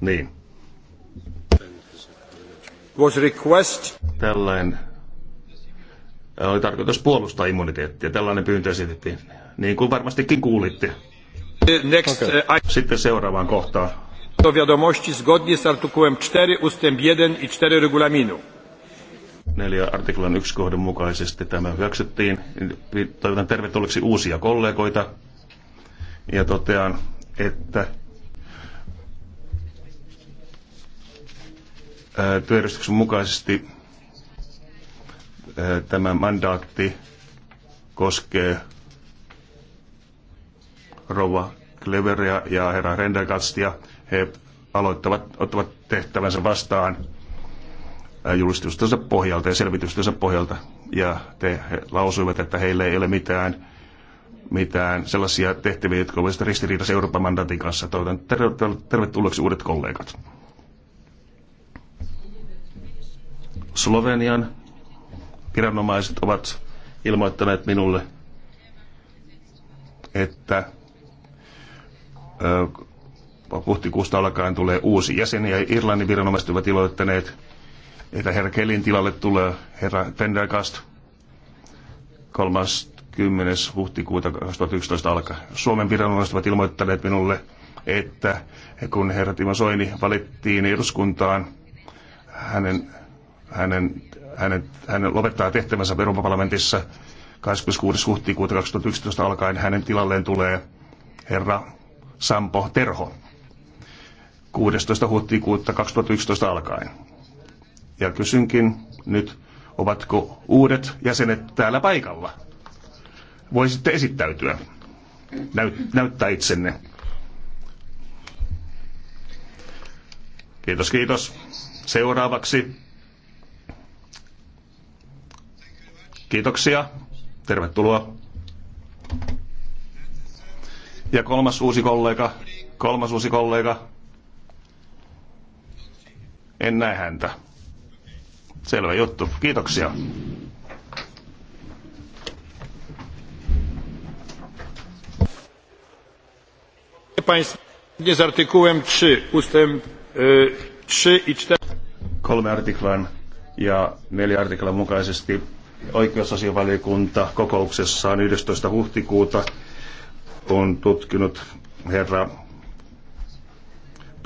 Niin. Was request. Tällainen äh, oli tarkoitus puolustaa immuniteettia. Tällainen pyyntö esitettiin, niin kuin varmastikin kuulitte. Next, okay. uh, äh, I... Sitten seuraavaan kohtaan. Do wiadomości zgodnie z artykułem 4 ustęp 1 i 4 regulaminu. Neljä artiklan yksi kohdan mukaisesti tämä hyväksyttiin. Toivotan tervetulleeksi uusia kollegoita ja totean, että työjärjestyksen mukaisesti tämä mandaatti koskee rouva Cleveria ja herra Rendergastia. He aloittavat, ottavat tehtävänsä vastaan julistustensa pohjalta ja selvitystensä pohjalta. Ja te, he lausuivat, että heillä ei ole mitään, mitään sellaisia tehtäviä, jotka olisivat ristiriidassa Euroopan mandaatin kanssa. Toivotan tervetulleeksi uudet kollegat. Slovenian viranomaiset ovat ilmoittaneet minulle, että huhtikuusta alkaen tulee uusi jäsen ja Irlannin viranomaiset ovat iloittaneet, että herra Kelin tilalle tulee herra Pendergast 30. huhtikuuta 2011 alkaen. Suomen viranomaiset ovat ilmoittaneet minulle, että kun herra Timo Soini valittiin eduskuntaan, hänen hänen, hänen, hänen lopettaa tehtävänsä Euroopan parlamentissa 26. huhtikuuta 2011 alkaen hänen tilalleen tulee herra Sampo Terho 16. huhtikuuta 2011 alkaen. Ja kysynkin nyt, ovatko uudet jäsenet täällä paikalla? Voisitte esittäytyä, Näyt, näyttää itsenne. Kiitos, kiitos. Seuraavaksi Kiitoksia. Tervetuloa. Ja kolmas uusi kollega. Kolmas uusi kollega. En näe häntä. Selvä juttu. Kiitoksia. zgodnie artykułem 3, ustęp 3 i 4. kolme artiklan ja neljä artiklan mukaisesti oikeusasiavaliokunta kokouksessaan 11. huhtikuuta on tutkinut herra